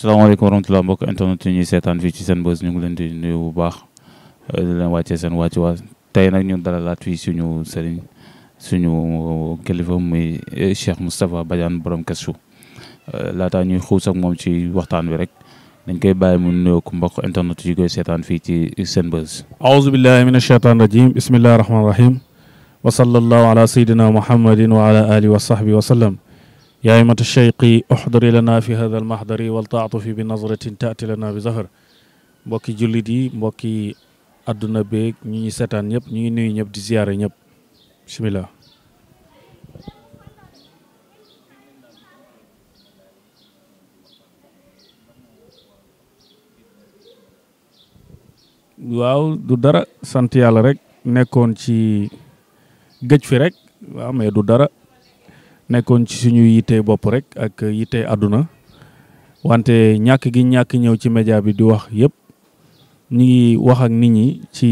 salaamaaleykum wa rahmatulah mbokk internet yi ñuy seetaan fii ci Senbuzz ñu ngi leen di nuyu bu baax di leen wàccee seen wàcc waa tey nag ñu dalalaat fii suñu sëriñ suñu kilifa muy eh, Cheikh Moustapha Badiane borom Kazu eh, laataa ñuy xuus ak moom ci waxtaan wi rek dañ koy bàyyi mu nuyoog mbokk internet yi koy seetaan fii ci Senbuzz. aouzu billahi min acheytaan rajim bismillahi rahmaani rahim wa sallallahu ala sayyidina muhammadin wa ala alihi wa sahbihi wa sallam. يا أمة الشيق احضر لنا في هذا المحضر والتعطف بنظرة تأتي لنا بزهر بوكي جلدي بوكي أدنى بيك نيني ستان يب نيني نيب دي زيارة نيب بسم الله waaw du dara sant yàlla rek nekkoon ci gëj fi rek waaw mais du nekkoon ci suñu yitte bopp rek ak yitte àdduna wante ñàkk gi ñàkk ñëw ci média bi di wax yëpp ñu ngi wax ak nit ñi ci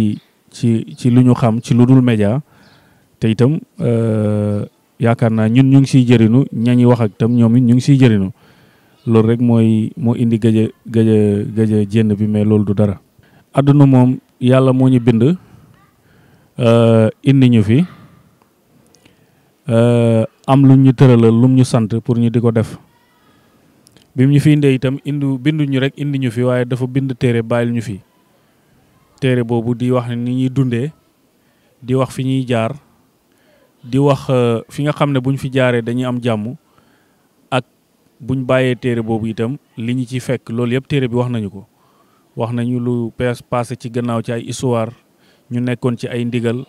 ci ci lu ñu xam ci lu dul média te itam euh, yaakaar naa ñun ñu ngi siy jëriñu ñañi wax ak itam ñoom it ñu ngi siy jëriñu loolu rek mooy moo indi gëj a gëj a jénn bi mais loolu du dara. adduna moom yàlla moo ñu bind euh, indi ñu fi. Euh, am lu ñu tëralal lu ñu sant pour ñu di ko def bi ñu fi indee itam indu binduñu rek indi ñu fi waaye dafa bind téere bàyyil ñu fi téere boobu di wax ni ñuy dundee di wax fi ñuy jaar di wax euh, fi nga xam ne bu ñu fi jaaree dañuy am jàmm ak bu ñu bàyyee téere boobu itam li ñu ci fekk loolu yëpp téere bi wax nañu ko wax nañu lu pees passé ci gannaaw ci ay histoire ñu nekkoon ci ay ndigal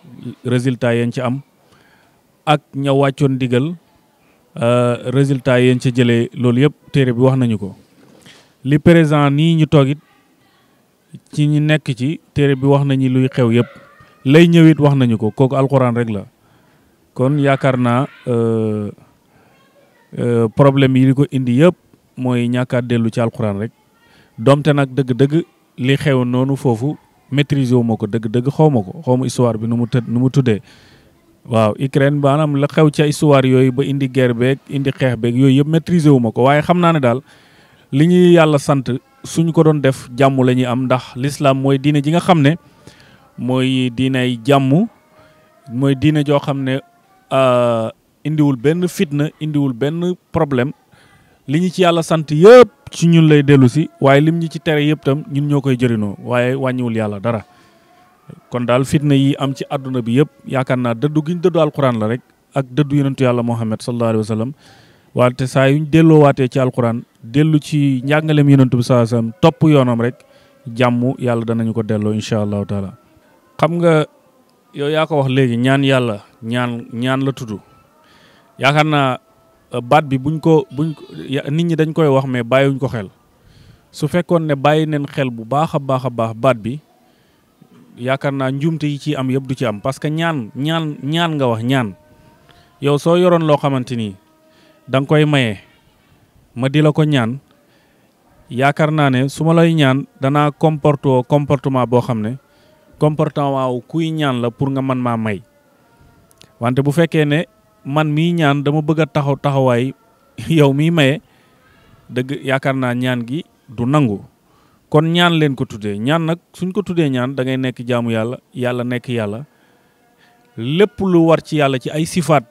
résultat yañ ci am ak ña wàccoon digal euh, résultat yéen ca jëlee loolu yëpp téere bi wax nañu ko li présent nii ñu toog it ci ñu nekk ci téere bi wax nañu luy xew yëpp lay ñëwit wax nañu ko kooku alxuraan rek la kon yaakaar naa euh, euh, problème yi li ko indi yëpp mooy ñàkkaat dellu ci alxuraan rek doomte nag dëgg-dëgg li xew noonu foofu maîtriser wu ma ko dëgg-dëgg xaw ko xaw ma histoire bi nu mu të nu mu tuddee waaw Ukraine maanaam la xew ci histoire yooyu ba indi guerre beeg indi xeex beeg yooyu yëpp maîtriser wu ma ko waaye xam naa ne daal li ñuy yàlla sant suñ ko doon def jàmmu la ñuy am ndax lislaam mooy diine ji nga xam ne mooy diinay jàmmu mooy diina joo xam ne euh, indiwul benn fitna indiwul benn problème li ñu ci yàlla sant yëpp su ñun lay dellu si waaye lim ñu ci tere yëpp tam ñun ñoo koy jëriñoo waaye wàññiwul yàlla dara kon daal fitna yi am ci àdduna bi yëpp yaakaar naa dëddu gi ñu dëddu alquran la rek ak dëddu yonentu yàlla Muhammad sallallahu alayhi wa wante saa yu ñu delloowaatee ci alquran dellu ci njàngaleem yonentu bi saa alayhi wa topp yoonam rek jàmm yàlla danañu ko delloo incha allahu taala. xam nga yow yaa ko wax léegi ñaan yàlla ñaan ñaan la tudd yaakaar naa euh, baat bi buñ ko buñ nit ñi dañ koy wax mais bàyyiwuñ ko xel su fekkoon ne bàyyi neen xel bu baax a baax a baax baat bi. yaakaar naa njuumte yi ci am yëpp du ci am parce que ñaan ñaan ñaan nga wax ñaan yow soo yoroon loo xamante ni da koy maye ma di la ko ñaan yaakaar naa ne su ma lay ñaan danaa comporto comportement boo xam ne comportement wu kuy ñaan la pour nga man maa may wante bu fekkee ne man mii ñaan dama bëgg a taxaw taxawaay yow mii maye dëgg yaakaar naa ñaan gi du nangu kon ñaan leen ko tuddee ñaan nag suñ ko tuddee ñaan dangay nekk jaamu yàlla yàlla nekk yàlla lépp lu war ci yàlla ci ay sifaat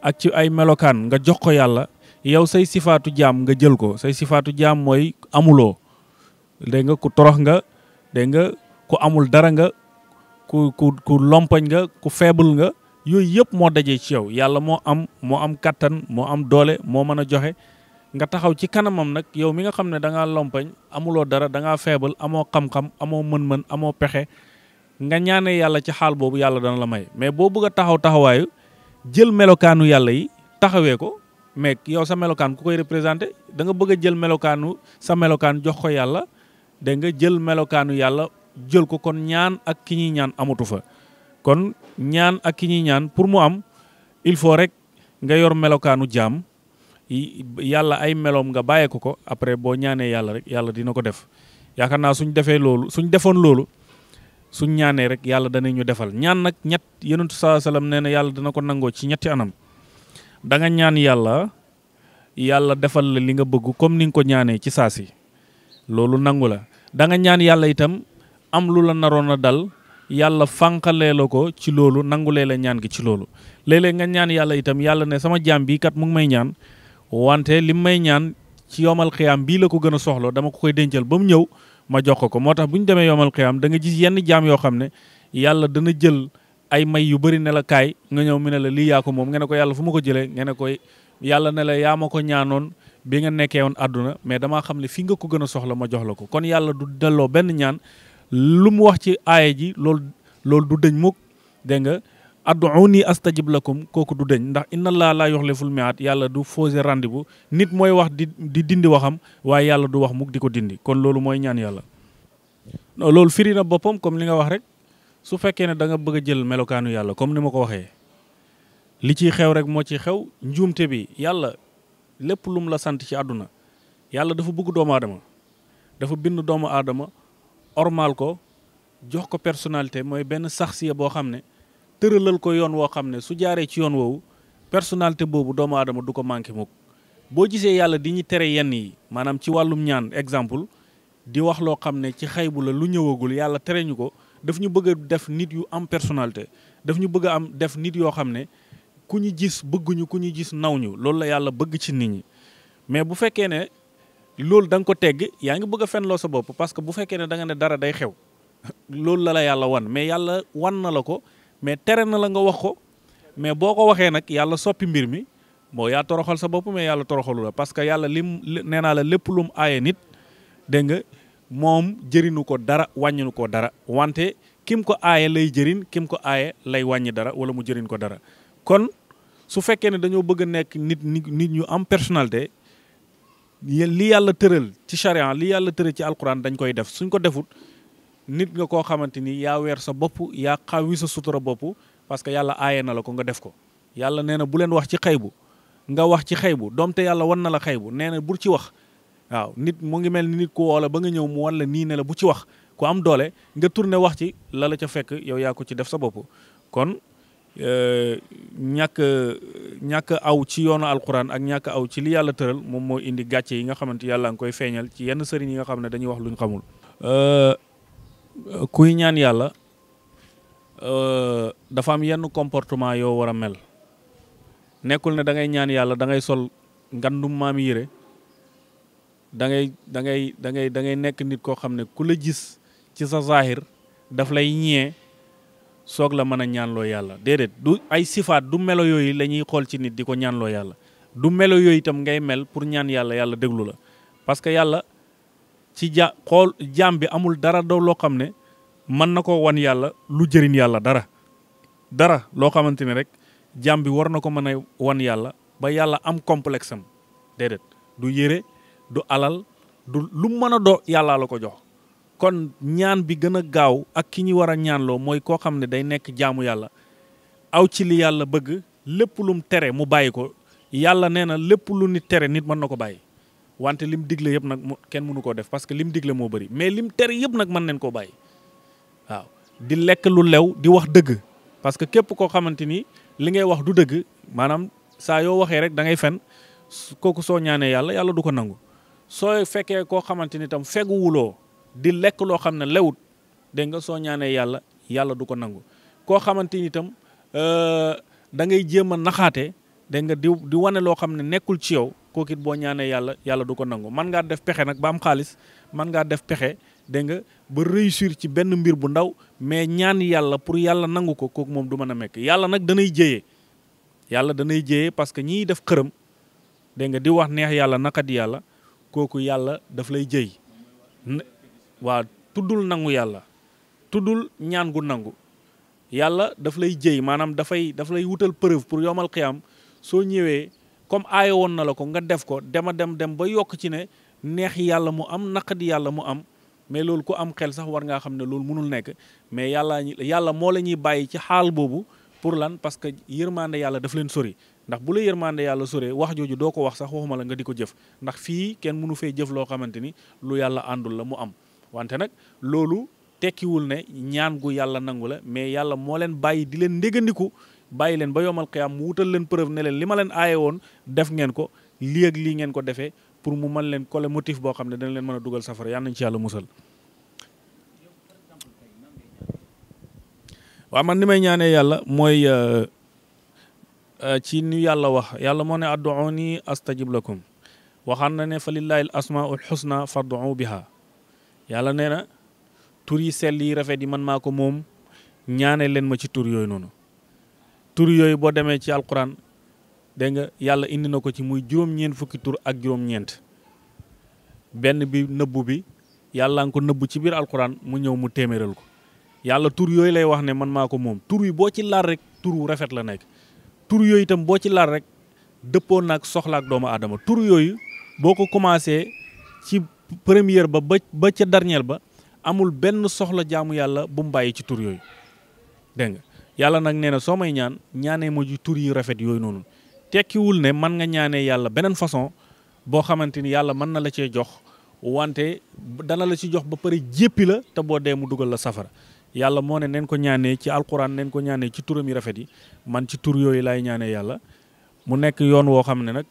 ak ci ay melokaan nga jox ko yàlla yow say sifaatu jaam nga jël ko say sifaatu jaam mooy amuloo dégg nga ku torox nga dégg nga ku amul dara nga ku ku ku lompañ nga ku faible nga yooyu yëpp moo dajee ci yow yàlla moo am moo am kattan moo am doole moo mën a joxe nga taxaw ci kanamam nag yow mi nga xam ne danga ngaa amuloo dara da ngaa feebal amoo xam-xam amoo mën-mën amoo pexe nga ñaanee yàlla ci xaal boobu yàlla dana la may mais boo bëgg a taxaw taxawaayu jël melokaanu yàlla yi taxawee ko mais yow sa melokaan ku koy représenté da nga bëgg a jël melokaanu sa melokaan jox ko yàlla da nga jël melokaanu yàlla jël ko kon ñaan ak ki ñuy ñaan amatu fa kon ñaan ak ki ñuy ñaan pour mu am il faut rek nga yor melokaanu jaam yalla ay melom nga baye ko ko après bo ñaanee yalla rek yalla dina ko def yakarna naa suñ defee loolu suñ defoon loolu suñ rek yalla dana ñu defal ñaan nak ñet yonentu sallallahu alayhi wasallam neena yalla dana ko nango ci ñetti anam da nga ñaan yalla yalla defal la li nga bëgg comme ni nga ko ñaanee ci saa si nangula da nga ñaan yalla itam am lu la narona dal yalla fankale lako ci lolu nangule la ñaan gi ci lolu lele nga ñaan yalla itam yalla ne sama jambi kat mu ngi may ñaan wante li may ñaan ci yomal xiyaam bii la ko gën a soxla dama ko koy dencal ba mu ñëw ma jox ko moo tax bu ñu demee yomal xiyaam da nga gis yenn jaam yoo xam ne yàlla dana jël ay may yu bëri ne la kaay nga ñëw mu ne la lii yaa ko moom nga ne ko yàlla fu ma ko jëlee nga ne koy yàlla ne la yaa ma ko ñaanoon bi nga nekkee woon àdduna mais damaa xam ne fi nga ko gën soxla ma jox la ko kon yàlla du delloo benn ñaan lu mu wax ci aaya ji loolu loolu du dëñ mukk dégg nga ad'uuni astajib lakum kooku du deñ ndax inna allah laa yuxliful mi'aad yàlla du fausser rendez-vous nit mooy wax di di dindi waxam waaye yàlla du wax mukk di ko dindi kon loolu mooy ñaan yàlla loolu firi na boppam comme li nga wax rek su fekkee ne danga nga bëgg a jël melokaanu yàlla comme ni ma ko waxee li ciy xew rek moo ci xew njuumte bi yàlla lépp lum la sant ci àdduna yàlla dafa bëgg doomu aadama dafa bind doomu aadama ormaal ko jox ko personnalité mooy benn saxsiya boo xam ne tëralal ko yoon woo xam ne su jaaree ci yoon woowu personnalité boobu doomu aadama du ko manqué mukk boo gisee yàlla di ñu tere yenn yi maanaam ci wàllum ñaan exemple di wax loo xam ne ci xaybu la lu ñëwagul yàlla tere ñu ko daf ñu bëgg def nit yu am personnalité daf ñu bëgg a am def nit yoo xam ne ku ñu gis bëgguñu ku ñu gis naw ñu loolu la yàlla bëgg ci nit ñi mais bu fekkee ne loolu da ko tegg yaa ngi bëgg a loo sa bopp parce que bu fekkee ne da nga ne dara day xew loolu mais yàlla wan na la ko mais tere na la nga wax ko mais boo ko waxee nag yàlla soppi mbir mi moo yaa toroxal sa bopp mais yàlla toroxalu la parce que yàlla lim nee la lépp lu mu aaye nit dégg nga moom jëriñu ko dara wàññinu ko dara wante kim ko aaye lay jëriñ kim ko aaye lay wàññi dara wala mu jëriñ ko dara kon su fekkee ne dañoo bëgg nekk nit nit ñu am personnalité li yàlla tëral ci charia li yàlla tëral ci alquran dañ koy def suñ ko defut nit nga koo xamante ni yaa weer sa bopp yaa xawi sa sutura bopp parce que yàlla aaye na la ko nga def ko yàlla nee na bu leen wax ci xay bu nga wax ci xaybu doomte yàlla wan na la xaybu nee na bul ci wax waaw nit mu ngi mel ni nit ku woo la ba nga ñëw mu wan la nii ne la bu ci wax ko am doole nga turne wax ci la la ca fekk yow yaa ko ci def sa bopp kon euh, ñàkk ñàkk aw ci yoonu alquran ak ñàkk aw ci li yàlla tëral moom moo indi gàcce yi nga xamante yàlla nga koy feeñal ci yi nga xam ne dañuy wax luñ xamul euh, kuy ñaan yàlla euh, dafa am yenn comportement yoo war a mel nekkul ne da ngay ñaan yàlla da ngay sol ngandum maam yére dangay ngay da ngay da nekk nit koo xam ne ku la gis ci sa zaahir daf lay ñee soog la mën a ñaanloo yàlla déedéet du ay sifaat du melo yooyu la ñuy xool ci nit di ko ñaanloo yàlla du melo yooyu itam ngay mel pour ñaan yàlla yàlla déglu la parce yàlla ci ja xool jaam bi amul dara doo loo xam ne mën na ko wan yàlla lu jëriñ yàlla dara dara loo xamante ne rek jaam bi war na ko mën a wan yàlla ba yàlla am complexe am du yére du alal du lu mën a do yàllaa la ko jox kon ñaan bi gën a gaaw ak ki ñu war a ñaanloo mooy koo xam ne day nekk jaamu yàlla aw ci li yàlla bëgg lépp lum tere mu bàyyi ko yàlla nee na lépp lu nit tere nit mën na ko bàyyi wante lim digle yep nak ken munu ko def parce que lim digle mo bari mais lim ter yep nak man nen ko bay waaw di lek lu lew di wax deug parce que kep ko xamanteni li ngay wax du deug manam sa yo waxe rek da ngay fen koku so ñaanee yalla yalla du ko nangu so fekke ko xamanteni tam tam wulo di lek lo xamne lewut de nga so ñaanee yalla yalla du ko nangu ko xamanteni tam tam euh, da ngay jema naxate de nga di wane lo xamne nekul ci yow ko kit bo ñaané yalla yalla du ko nangu man nga def pexé nak ba am xaliss man nga def pexé de nga ba réussir ci benn mbir bu ndaw mais ñaan yalla pour yalla nangu ko kooku mom du mekk yalla nak da nay danay yalla da nay jëyee parce que ñi def xërëm de nga di wax neex yalla naqadi yalla koku yalla daf lay jëy wa tudul nangu yalla tudul ñaan gu nangu yàlla daf lay jëy da fay daf lay wutal preuve pour yomal qiyam so ñëwé comme aaya woon na la ko nga def ko dema dem dem ba yokk ci ne neex yàlla mu am naqadi yàlla mu am mais loolu ku am xel sax war ngaa xam ne loolu mënul nekk mais yàlla yàlla moo la ñuy bàyyi ci xaal boobu pour lan parce que yërmande yàlla daf leen sori ndax bu la yërmande yàlla soree wax jooju doo ko wax sax waxuma la nga di ko jëf ndax fii kenn mënu fee jëf loo xamante ni lu yàlla àndul la mu am wante nag loolu tekkiwul ne ñaan gu yàlla nangu la mais yàlla moo leen bàyyi di leen ndégandiku bàyyi leen ba yomal xiyaam mu wutal leen preuve ne leen li ma leen aaye woon def ngeen ko lii ak lii ngeen ko defee pour mu man leen coller motif boo xam ne dana leen mën a dugal safara yàlla nañ ci yàlla musal. man ni may ñaanee yàlla mooy euh, euh, ci ni yàlla wax yàlla moo ne adduuni astajib lakum waxaan na ne fa lillahi al asmaul xusna yàlla nee na tur yi sell yi rafet yi man maa ko moom ñaane leen ma ci tur yooyu noonu tur yoy bo demee ci alquran dégg nga yalla indi nako ci muy juroom ñeen fukki tur ak juroom ñent ben bi nëbbu bi yalla nga ko nëbbu ci bir alquran mu ñew mu téméral ko yalla tur yoy lay wax né man mako mom tur yi bo ci lar rek tur rafet la nek tur yoy itam bo ci lar rek nak soxla ak doomu adama tur yoy boko commencé ci première ba ba ci dernière ba amul ben soxla jaamu yalla bu mbaay ci tur yoy deng yalla nak neena so may ñaan ñaané mo ju tour yu rafet nonu tekki wul ne man nga ñaané yalla benen façon bo xamanteni yalla man na la ci jox wante dana la ci jox ba pare jéppi la te bo dee mu dugal la safara yalla mo ne neen ko ñaané ci alcorane neen ko ñaané ci turam yi rafet yi man ci tur yoy lay ñaané yalla mu nekk yoon wo xamne nak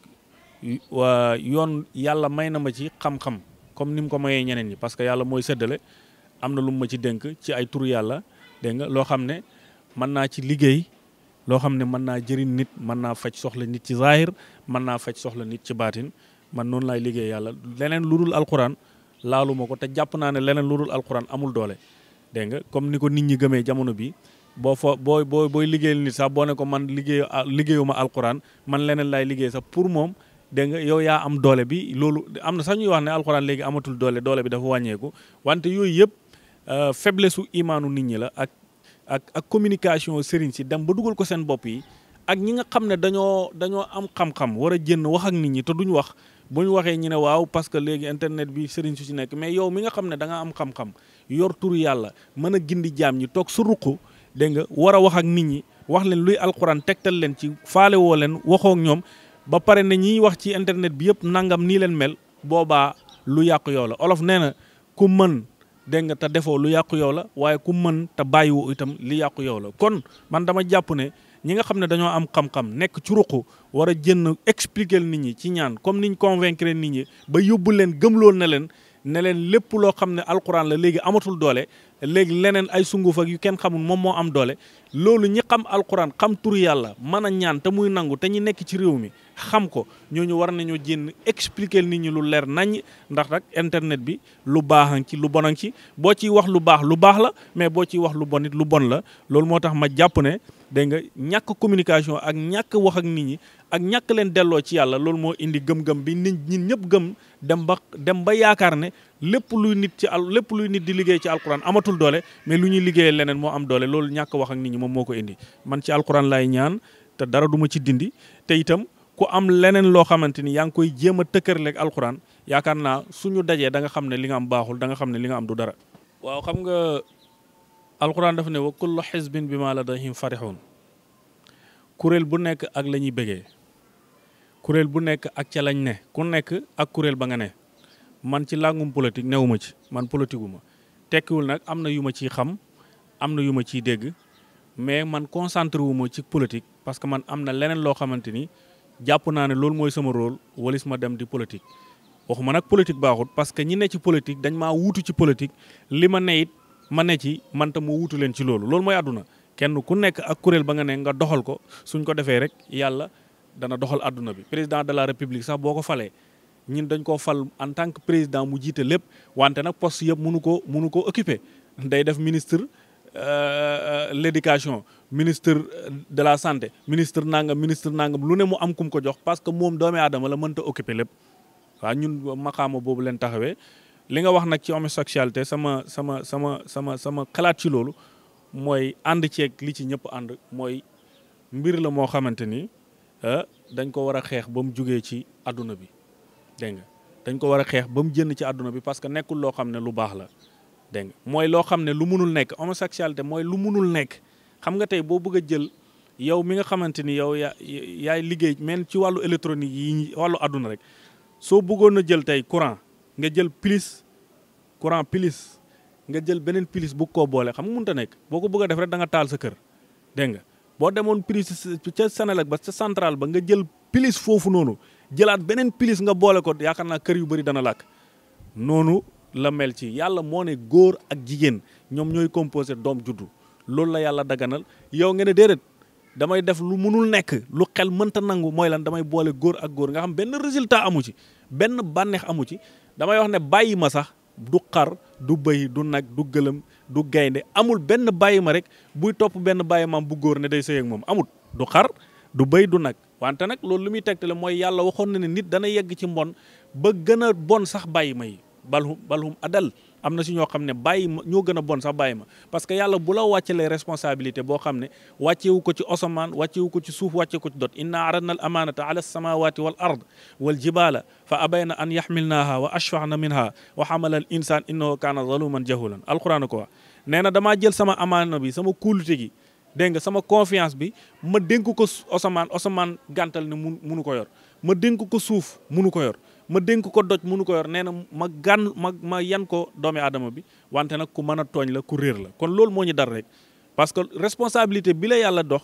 wa yoon yalla may na ma ci xam-xam comme nim ko maye ñeneen ñi parce que yalla moy séddale am lu ma ci denk ci ay tur yalla deng lo xamne ne mën naa ci liggéey loo xam ne mën naa jëriñ nit mën naa faj soxla nit ci zaahir mën naa faj soxla nit ci baatin man noonu laay liggéey yàlla leneen lu dul alquran laaluma ko te jàpp naa ne leneen lu dul alquran amul doole dégg nga comme ni ko nit ñi gëmee jamono bi boo fa boo boo booy liggéeyal nit sax boo ne ko man liggéey ah, liggéeyuma alquran man leneen laay liggéey sax pour moom dégg nga yaa am doole bi loolu am na sax ñuy wax ne alquran léegi amatul doole doole bi dafa wàññeeku wante yooyu yëpp euh, faiblesse imaanu nit ñi la ak ak ak communication sëriñ si dem ba dugal ko seen bopp yi ak ñi nga xam ne dañoo dañoo am xam-xam war a jënn wax ak nit ñi te duñ wax bu ñu waxee ñu ne waaw parce que léegi internet bi sëriñ su si nekk mais yow mi nga xam ne da am xam-xam yor turu yàlla mën a gindi jaam ñi toog su ruq dégg nga war a wax ak nit ñi wax leen luy alxuraan tegtal leen ci faale woo leen waxoo ak ñoom ba pare ne ñiy wax ci internet bi yëpp nangam nii leen mel boobaa lu yàq yow la olof nee na ku mën dégg nga te defoo lu yàqu yow la waaye ku man te bàyyiwu itam li yàqu yow la kon man dama jàpp ne ñi nga xam ne dañoo am xam-xam nekk ci ruq war a jënn expliquer nit ñi ci ñaan comme niñ convaincre nit ñi ba yóbbu leen gëmloo na leen ne leen lépp loo xam ne alxuraan la léegi amatul doole léegi leneen ay sunguf yu kenn xamul moom moo am doole loolu ñi xam alxuraan xam tur yàlla mën a ñaan te muy nangu te ñi nekk ci réew mi xam ko ñooñu war nañoo jénn expliquer nit ñi lu leer nañ ndax rek internet bi lu baax ci lu bon ci boo ciy wax lu baax lu baax la mais boo ci wax lu bon lu bon la loolu moo tax ma jàpp ne dégg nga ñàkk communication ak ñàkk wax ak nit ñi ak ñàkk leen delloo ci yàlla loolu moo indi gëm-gëm bi nit ñi ñëpp gëm dem ba dem ba yaakaar ne lépp luy nit ci al lépp luy nit di liggéey ci alquran amatul doole mais lu ñuy liggéeyee leneen moo am doole loolu ñàkk wax ak nit ñi moom moo ko indi man ci alquran laay ñaan te dara duma ci dindi te itam ku am leneen loo xamante ni yaa ngi koy jéem a tëkkërleeg alquran yaakaar naa suñu dajee da nga xam ne li nga am baaxul da nga xam ne li nga am du dara alquran dafa ne wa kullu xisbin bi ma ladayhim farixuun kuréel bu nekk ak la ñuy bëggee kuréel bu nekk ak ca lañ ne ku nekk ak kuréel ba nga ne man ci làngum politique newuma ci man politique wu ma tekkiwul nag am na yu ma ciy xam am na yu ma ciy dégg mais man concentré wu ma ci politique parce que man am na leneen loo xamante ni jàpp naa ne loolu mooy sama rôle walis ma dem di politique waxuma nag politique baaxut parce que ñi ne ci politique dañ maa wuutu ci politique li ma ne ma ne ci man ta moo wutu leen ci loolu loolu mooy àdduna kenn ku nekk ak kuréel ba nga nee nga doxal ko suñ ko defee rek yàlla dana doxal àdduna bi président de la république sax boo ko falee ñun dañ koo fal en tant que président mu jiite lépp wante nag poste yëpp mënu ko mënu koo occuper day def ministre euh, euh, l' éducation ministre de la santé ministre nangam ministre nangam lu ne mu am kum ko jox parce que moom doomi aadama la mënta occuper lépp waaw ñun maqaama boobu leen taxawee li nga wax nag ci homosexualité sama sama sama sama sama xalaat ci loolu mooy ànd ceeg li ci ñëpp ànd mooy mbir la moo xamante ni euh, dañ ko war a xeex ba mu jógee ci àdduna bi dégg nga dañ ko war a xeex ba mu jënn ci àdduna bi parce que nekkul loo xam ne lu baax la dégg nga mooy loo xam ne lu munul nekk homosexualité mooy lu munul nekk xam nga tey boo bëgg a jël yow mi nga xamante ni yow yaa yaay liggéey men ci wàllu électronique yi wàllu àdduna rek soo bëggoon a jël tey courant nga jël pilis courant pilis nga jël beneen pilis bu ko boole xam nga mun ta nekk boo ko bëgg a def rek da taal sa kër dégg nga boo demoon pilis ca Senelec ba ca centrale ba nga jël pilis foofu noonu jëlaat beneen pilis nga boole ko yaakaar naa kër yu bari dana làkk noonu la mel ci yàlla moo ne góor ak jigéen ñoom ñooy composé doom juddu loolu la yàlla daganal yow nga ne déedéet damay def lu munul nekk lu xel mënta nangu mooy lan damay boole góor ak góor nga xam benn résultat amu ci benn bànneex amu ci damay wax ne bàyyi ma sax du xar du bëy du nag du gëlëm du gaynde amul benn bàyyi ma rek buy topp benn bàyyi maam bu góor ne day sëy ak moom amul du xar du bëy du nag wante nag loolu lu muy tegtale mooy yàlla waxoon na ne nit dana yegg ci mbon ba gën a bon sax bàyyi ma yi balhum balhum adal amna ci ño xamne xam ne bàyyi ma ñoo bon sax bayima parce que yàlla bu la wacce les responsabilités bo xamne wacce wu ko ci osman wacce wu ko ci souf wàcce ko ci dot inna aradna al amanata ala as samawati wal ard wal jibala fa abayna an yahmilnaha wa ashfa'na minha wa hamala al insan innahu kana zaluman jahulan al qur'an ko neena dama jël sama amana bi sama kóolute gi deng sama confiance bi ma dénk ko osman osman gàntal ni munu ko yor ma dénk ko souf munu ko yor ma dénk ko doj mënu ko yor nee na ma gàn ma ma yan ko doomi aadama bi wante nag ku mën a tooñ la ku réer la kon loolu moo ñu dar rek parce que responsabilité bi la yàlla dox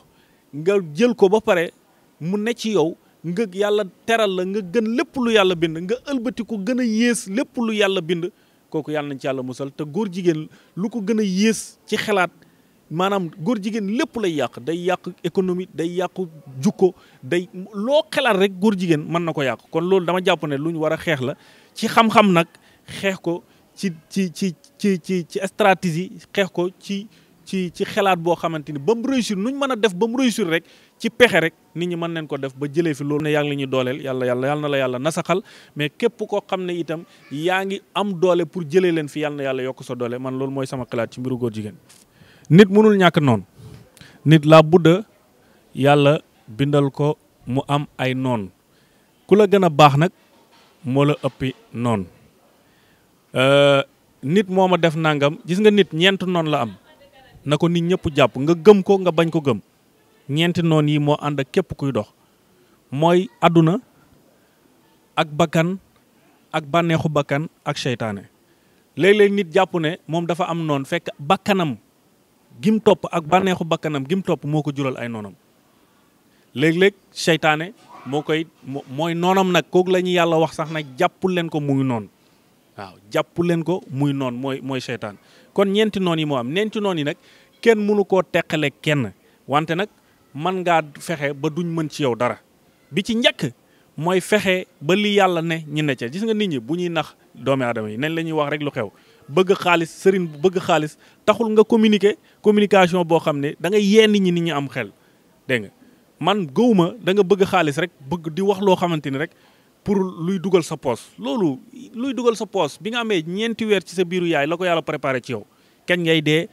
nga jël ko ba pare mu ne ci yow nga yàlla teral la nga gën lépp lu yàlla bind nga ëlbati ko gën a yées lépp lu yàlla bind kooku yàlla nañ ci yàlla musal te góor jigéen lu ko gën a yées ci xalaat maanaam góor jigéen lépp lay yàq day yàq économie day yàq jukko day loo xelaat rek góor jigéen mën na ko yàq kon loolu dama jàpp ne lu ñu war a xeex la ci xam-xam nag xeex ko ci ci ci ci ci ci stratégie xeex ko ci ci ci xelaat boo xamante ni ba mu réussir nu ñu mën a def ba mu réussir rek ci pexe rek nit ñi mën nañ ko def ba jëlee fi loolu ne yaa ngi la ñuy dooleel yàlla yàlla yàlla na la yàlla nasaxal mais képp koo xam ne itam yaa ngi am doole pour jëlee leen fi yàlla na yàlla yokk sa doole man loolu mooy sama xalaat ci mbiru góor jigéen nit mënul ñàkk noon nit laa budda yàlla bindal ko mu am ay noon ku la gën a baax nag moo la ëppi noonu euh, nit moo ma def nangam gis nga nit ñeent noon la am na ko nit ñëpp jàpp nga gëm ko nga bañ ko gëm ñeenti noon yi moo ànd ak képp kuy dox mooy àdduna ak bakkan ak bànneexu bakkan ak seytaane léeg-léeg nit jàpp ne moom dafa am noon fekk bakkanam gim topp ak bànneexu bakkanam gim topp moo ko jural ay noonam léeg-léeg seytaane moo koy mooy noonam nag kooku la ñu yàlla wax sax nag jàppul leen ko muy noon waaw jàppul leen ko muy noon mooy mooy seytaan kon ñeenti noon yi moo am ñeenti noon yi nag kenn mënu koo teqale kenn wante nag man ngaa fexe ba duñ mën ci yow dara bi ci njëkk mooy fexe ba li yàlla ne ñu ne ca gis nga nit ñi bu ñuy nax doomi aadama yi nañ la ñuy wax rek lu xew bëgg xaalis sëriñ bu bëgg xaalis taxul nga communiquer communication boo xam ne da nga yee nit ñi nit ñi am xel dégg man gëwuma da nga bëgg xaalis rek bëgg di wax loo xamante rek pour luy dugal sa poos loolu luy dugal sa poos bi nga amee ñeenti weer ci sa biiru yaay la ko yàlla préparé ci yow kañ ngay dee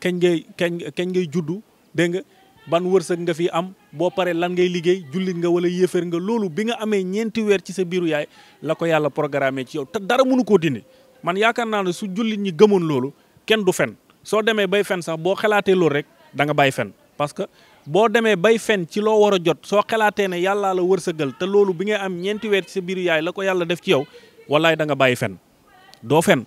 kañ ngay kañ ngay juddu dégg ban wërsëg nga fi am boo paree lan ngay liggéey jullit nga wala yéeféer nga loolu bi nga amee ñeenti weer ci sa biiru yaay la ko yàlla programmé ci yow te dara mënu koo dindi man yaakaar naa ne su jullit ñi gëmoon loolu kenn du fen soo demee bay fen sax boo xalaatee loolu rek danga bàyyi fen parce que boo demee bay fen ci loo war a jot soo xalaatee ne yàllaa la wërsëgal te loolu bi ngay am ñeenti weer ci sa biiru yaay la ko yàlla def ci yow wallaay danga bàyyi fen doo fen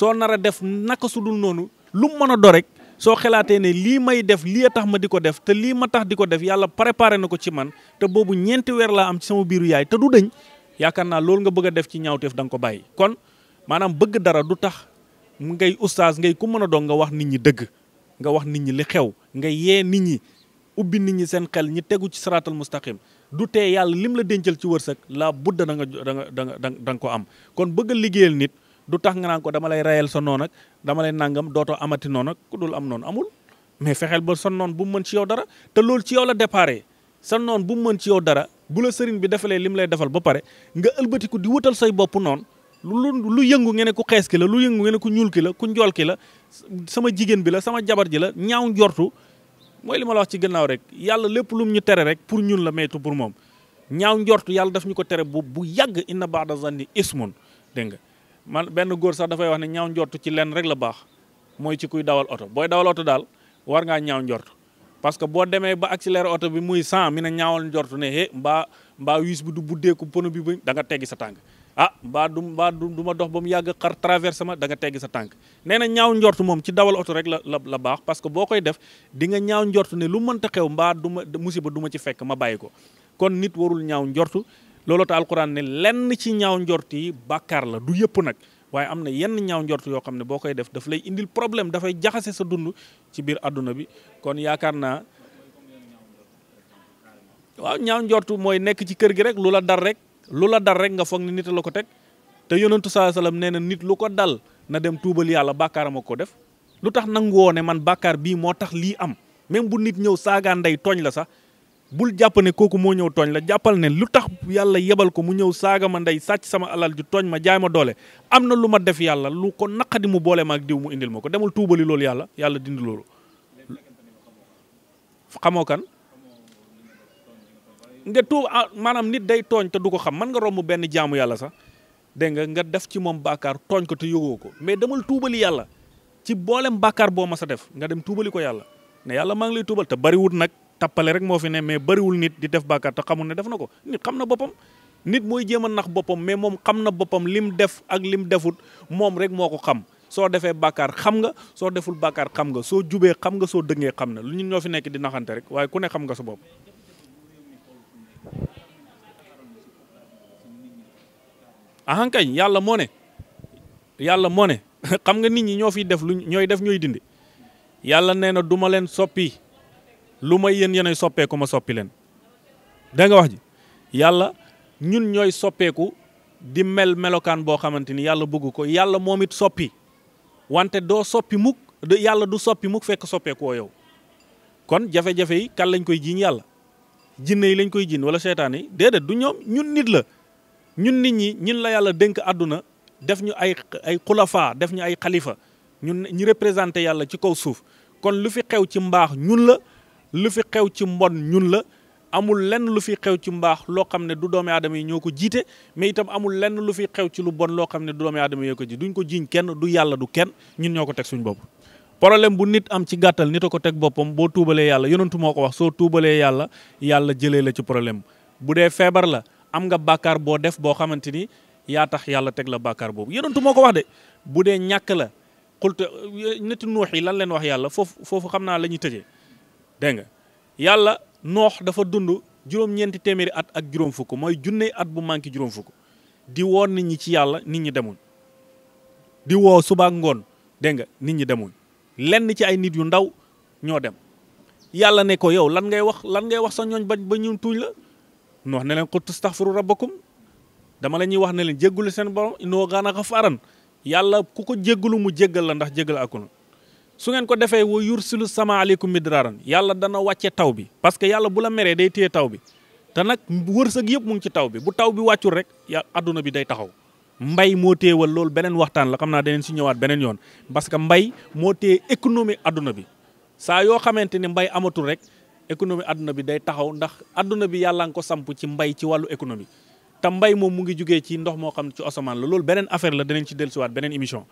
soo nar def naka su dul noonu lu mu mën a do rek soo xalaatee ne lii may def lii a tax ma di ko def te lii ma tax di ko def yàlla préparé na ko ci man te boobu ñeenti weer laa am sama biiru yaay te du dëñ yaakaar naa loolu nga bëgg a def ci ñaawteef da nga ko bàyyi maanaam bëgg dara du tax ngay ustaas ngay ku mën a doon nga wax nit ñi dëgg nga wax nit ñi li xew nga yee nit ñi ubbi nit ñi seen xel ñi tegu ci siraatal mustaqim du tee yàlla lim la dencal ci wërsëg laa budda da nga da nga da nga da nga ko am kon bëgg liggéeyal nit du tax nga naan ko dama lay rayal sa noon dama lay nangam dootoo amati noon ak ku dul am noonu amul mais fexeel ba sa noon bu mu mën ci yow dara te loolu ci yow la déparé sa noon bu mu mën ci yow dara bu la sëriñ bi defalee lim lay defal ba pare nga ëlbatiku di wutal say bopp noonu lu lu yëngu ngeen ne ku xees ki la lu yëngu ngeen ne ku ñuul ki la ku njool ki la sama jigéen bi la sama jabar ji la ñaaw njortu mooy li ma la wax ci gannaaw rek yàlla lépp lum ñu tere rek pour ñun la maytu pour moom ñaaw njortu yàlla daf ñu ko tere bu bu yàgg inna baada zanni ismun dégg nga man benn góor sax dafay wax ne ñaaw njortu ci lenn rek la baax mooy ci kuy dawal oto booy dawal oto daal war ngaa ñaaw njortu parce que boo demee ba accéléré oto bi muy 100 mi ne ñaawal njortu ne eh mbaa mbaa wiis bi du buddeeku pono bi ba da nga teggi sa tànk ah badum, du ba du ma dox bam yag xar traversé sama da nga tegg sa tank neena ñaaw njortu mom ci dawal auto rek la la la parce que boo def di nga ñaaw njortu ne lu mënta xew ba duma musiba duma ci fekk ma bayiko kon nit warul ñaaw njortu lolo ta alquran ne lenn ci ñaaw njort yi la du yep nak waye amna yenn ñaaw njort yo xamne ne def daf lay indil problème fay jaxase sa dund ci bir aduna bi kon yaakaar waaw ñaaw njortu moy nek ci kër gi rek lula dar rek lu la dal rek nga foog ni nit la ko teg te yonentu saa salaam nee na nit lu ko dal na dem tuubal yàlla bàkkaaram ak ko def lu tax nanguwoo ne man bàkkaar bii moo tax lii am même bu nit ñëw saagaa ndey tooñ la sax bul jàpp ne kooku moo ñëw tooñ la jàppal ne lu tax yàlla yebal ko mu ñëw saaga ma ndey sàcc sama alal ju tooñ ma jaay ma doole am na lu ma def yàlla lu ko naqadi mu boole ma ak diw mu indil ma ko demul tuubali loolu yàlla yàlla dindi loolu xamoo nde tuub ah, maanaam nit day tooñ te du ko xam mën nga romb benn jaamu yàlla sax dégg nga nga def ci moom bàkkaar tooñ ko te yógoo ko mais demal tuubali yàlla ci boolem bàkkaar boo ma sa def nga dem tuubali ko yàlla ne yàlla maa ngi lay tuubal te bariwul nag tappale rek moo fi ne mais bariwul nit di def bàkkaar te xamul ne def na ko nit xam na boppam nit mooy jéem a nax boppam mais moom xam na boppam lim def ak lim defut moom rek moo ko xam soo defee bàkkaar xam nga soo deful bàkkaar xam nga soo jubee xam nga soo dëngee xam na lu ñu ñoo fi nekk di rek waaye ku ne xam nga sa bopp ahankañ yàlla moo ne yàlla moo ne xam nga nit ñi ñoo fiy def lu ñooy def ñooy dindi yàlla nee na duma leen soppi lu may yéen yéenay soppeeku ma soppi leen da wax ji yàlla ñun ñooy soppeeku di mel melokaan boo xamante ni yàlla bugg ko yàlla moom it soppi wante doo soppi mukk yàlla du soppi mukk fekk soppeekoo yow kon jafe-jafe yi kan lañ koy jiiñ yàlla jinne yi lañ koy jiiñ wala seytaan yi du ñoom ñun nit la ñun nit ñi ñun la yàlla dénk àdduna def ñu ay ay xulafa def ñu ay xalifa ñun ñu représenté yàlla ci kaw suuf kon lu fi xew ci mbaax ñun la lu fi xew ci mbon ñun la amul lenn lu fi xew ci mbaax loo xam ne du doomi aadama yi ñoo ko jiite mais itam amul lenn lu fi xew ci lu bon loo xam ne du doome aadama yi ñoo ko jiite duñ ko jiiñ kenn du yàlla du kenn ñun ñoo ko teg suñu bopp problème bu nit am ci gàttal nit a ko teg boppam boo tuubalee yàlla yonentu moo ko wax soo tuubalee yàlla yàlla jëlee la ci problème bu dee feebar la am nga bàkkaar boo def boo xamante ni yaa tax yàlla teg la bàkkaar boobu yonentu moo ko wax de bu dee ñàkk la xulte neti nuux yi lan leen wax yàlla foofu foofu xam naa la ñuy tëjee dégg nga yàlla noox dafa dund juróom-ñeenti téeméeri at ak juróom fukk mooy junne at bu manqué juróom fukk di woo nit ñi ci yàlla nit ñi demuñ di woo suba ngoon dégg nga nit ñi demuñ lenn ci ay nit yu ndaw ñoo dem yàlla ne yow lan ngay wax lan ngay wax sa ñooñ ba ñu nu wax ne leen qul tastaxfiru rabbakum dama la ñuy wax ne leen jéggulu seen borom innahu kaana xafaaran yàlla ku ko jéggulu mu jéggal la ndax jéggal akul su ngeen ko defee wa yursilu sama aleykum midraaran yàlla dana wàcce taw bi parce que yàlla bu la meree day téye taw bi te nag wërsëg yëpp mu ngi ci taw bi bu taw bi wàccul rek ya adduna bi day taxaw mbay moo téewal loolu beneen waxtaan la xam naa daneen si ñëwaat beneen yoon parce que mbay moo téye économie adduna bi saa yoo xamante ne mbay amatul rek économie àdduna bi day taxaw ndax àdduna bi yàlla nga ko samp ci mbay ci wàllu économie te mbay moom mu ngi jugee ci ndox moo xam ne ci asamaan la loolu beneen affaire la danañ ci dellusiwaat beneen émission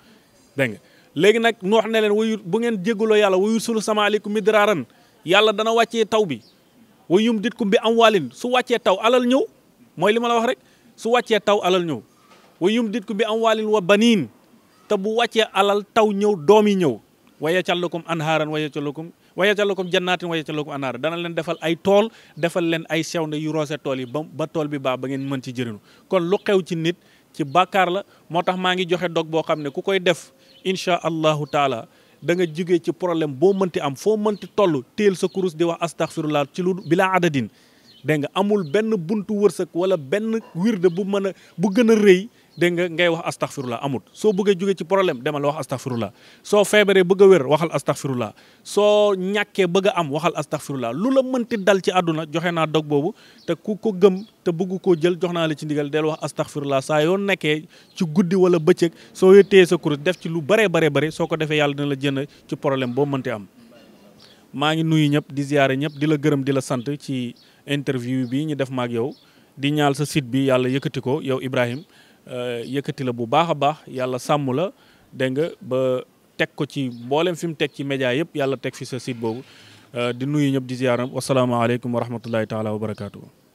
dégg nga léegi nag noox ne leen wayu bu ngeen jégguloo yàlla wayu sulu sama aleykum midraaran yàlla dana wàccee taw bi wayum dit kum bi am waalin su wàccee taw alal ñëw mooy li ma la wax rek su wàccee taw alal ñëw wayum dit kum bi am waalin wa baniin te bu wàccee alal taw ñëw doom yi ñëw waye wayajalakum jannatin wayajalakum anaara dana leen defal ay tool defal leen ay sewnde yu roose tool yi ba ba tool bi baax ba ngeen mën ci jëriñu kon lu xew ci nit ci bàkkaar la moo tax maa ngi joxe dog boo xam ne ku koy def incha allahu taala da nga jugee ci problème boo mënti am foo mënti toll téel sa kurus di wax astaghfirullah ci lu bilaa adadin dégg nga amul benn buntu wërsëg wala benn wirde bu mën a bu gën a rëy dégg nga ngay wax astaxfirullah amut soo bëggee jógee ci problème demal wax astaxfirullah soo feebaree bëgg a wér waxal astaxfirullah soo ñàkkee bëgg am waxal astaxfirullah lu la mënti dal ci àdduna joxe naa dog boobu te ku ko gëm te bëgg koo jël jox naa la ci ndigal del wax astaxfirullah saa yoo nekkee ci guddi wala bëccëg soo yëttee sa kurus def ci lu baree baree bare soo ko defee yàlla dina la jënd ci problème boo mënti am maa ngi nuyu ñëpp di ziyaare ñëpp di la gërëm di la sant ci interview bi ñu def maak yow di ñaal sa site bi yàlla yëkkati ko yow Ibrahim Euh, yëkkati la bu baax a baax yàlla sàmm la dégg nga ba teg ko ci mbooleem fi mu teg ci média yëpp yàlla teg fi sa site boobu euh, di nuyu ñëpp di ziyaaram wasalaamaaleykum wa rahmatullahi taala wa barakaatu.